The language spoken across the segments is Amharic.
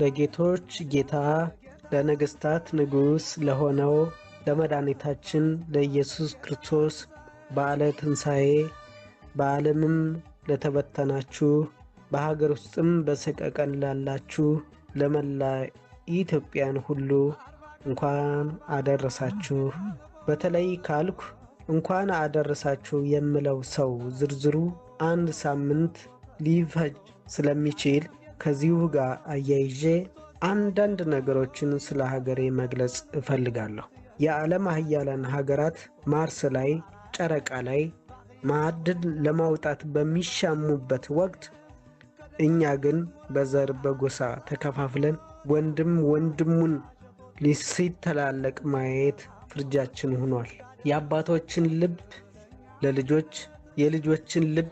ለጌቶች ጌታ ለነገስታት ንጉሥ ለሆነው ለመድኃኒታችን ለኢየሱስ ክርስቶስ በዓለ ትንሣኤ በዓለምም ለተበተናችሁ በሀገር ውስጥም በሰቀቀን ላላችሁ ለመላ ኢትዮጵያን ሁሉ እንኳን አደረሳችሁ። በተለይ ካልኩ እንኳን አደረሳችሁ የምለው ሰው ዝርዝሩ አንድ ሳምንት ሊፈጅ ስለሚችል ከዚሁ ጋር አያይዤ አንዳንድ ነገሮችን ስለ ሀገሬ መግለጽ እፈልጋለሁ። የዓለም አህያለን ሀገራት ማርስ ላይ ጨረቃ ላይ ማዕድን ለማውጣት በሚሻሙበት ወቅት እኛ ግን በዘር በጎሳ ተከፋፍለን ወንድም ወንድሙን ሲተላለቅ ማየት ፍርጃችን ሆኗል። የአባቶችን ልብ ለልጆች፣ የልጆችን ልብ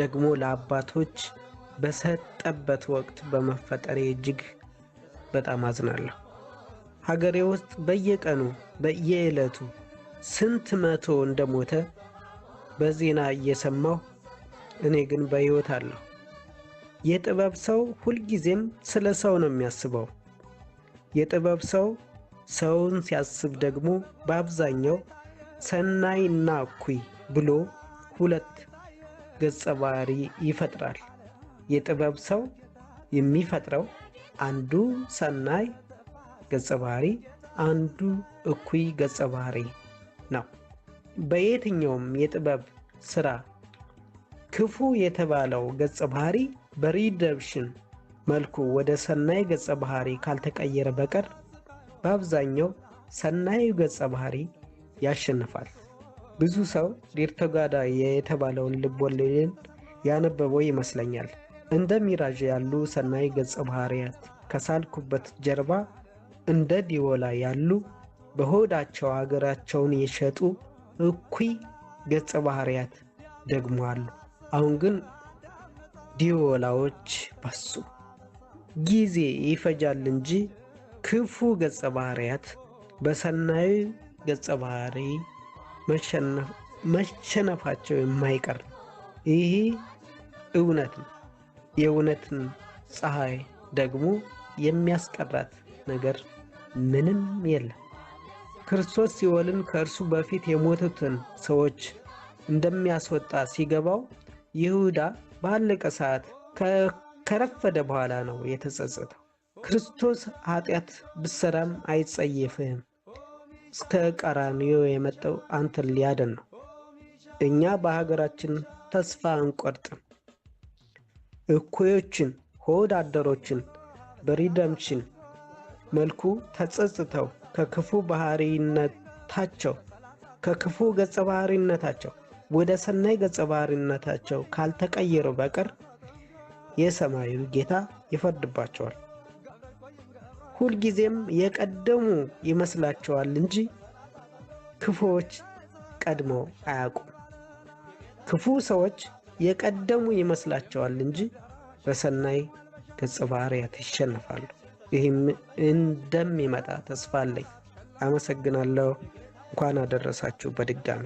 ደግሞ ለአባቶች በሰጠበት ወቅት በመፈጠሬ እጅግ በጣም አዝናለሁ። ሀገሬ ውስጥ በየቀኑ በየዕለቱ ስንት መቶ እንደሞተ በዜና እየሰማሁ እኔ ግን በሕይወት አለሁ። የጥበብ ሰው ሁልጊዜም ስለ ሰው ነው የሚያስበው። የጥበብ ሰው ሰውን ሲያስብ ደግሞ በአብዛኛው ሰናይና እኩይ ብሎ ሁለት ገጸ ባህሪ ይፈጥራል። የጥበብ ሰው የሚፈጥረው አንዱ ሰናይ ገጸ ባህሪ፣ አንዱ እኩይ ገጸ ባህሪ ነው። በየትኛውም የጥበብ ስራ ክፉ የተባለው ገጸ ባህሪ በሪደብሽን መልኩ ወደ ሰናይ ገጸ ባህሪ ካልተቀየረ በቀር በአብዛኛው ሰናዩ ገጸ ባህሪ ያሸንፋል። ብዙ ሰው ዴርቶጋዳ የተባለውን ልብ ወለድን ያነበበው ይመስለኛል። እንደ ሚራዥ ያሉ ሰናይ ገጸ ባህርያት ከሳልኩበት ጀርባ እንደ ዲወላ ያሉ በሆዳቸው አገራቸውን የሸጡ እኩይ ገጸ ባህርያት ደግሞ አሉ። አሁን ግን ዲወላዎች በሱ ጊዜ ይፈጃል እንጂ ክፉ ገጸ ባህርያት በሰናዩ ገጸ ባህሪ መሸነፋቸው የማይቀር ይህ እውነት ነው። የእውነትን ፀሐይ ደግሞ የሚያስቀራት ነገር ምንም የለም። ክርስቶስ ሲኦልን ከእርሱ በፊት የሞቱትን ሰዎች እንደሚያስወጣ ሲገባው ይሁዳ ባለቀ ሰዓት ከረፈደ በኋላ ነው የተጸጸተው። ክርስቶስ ኃጢአት ብሰራም አይጸየፍህም፣ እስከ ቀራንዮ የመጣው አንተን ሊያድን ነው። እኛ በሀገራችን ተስፋ አንቆርጥም። እኩዮችን ሆድ አደሮችን በሪደምሽን መልኩ ተጸጽተው ከክፉ ባህሪነታቸው ከክፉ ገጸ ባህሪነታቸው ወደ ሰናይ ገጸ ባህሪነታቸው ካልተቀየሩ በቀር የሰማዩ ጌታ ይፈርድባቸዋል። ሁልጊዜም የቀደሙ ይመስላቸዋል እንጂ ክፉዎች ቀድመው አያውቁም። ክፉ ሰዎች የቀደሙ ይመስላቸዋል እንጂ በሰናይ ገጸ ባህርያት ይሸነፋሉ። ይህም እንደሚመጣ ተስፋ አለኝ። አመሰግናለሁ። እንኳን አደረሳችሁ በድጋሜ።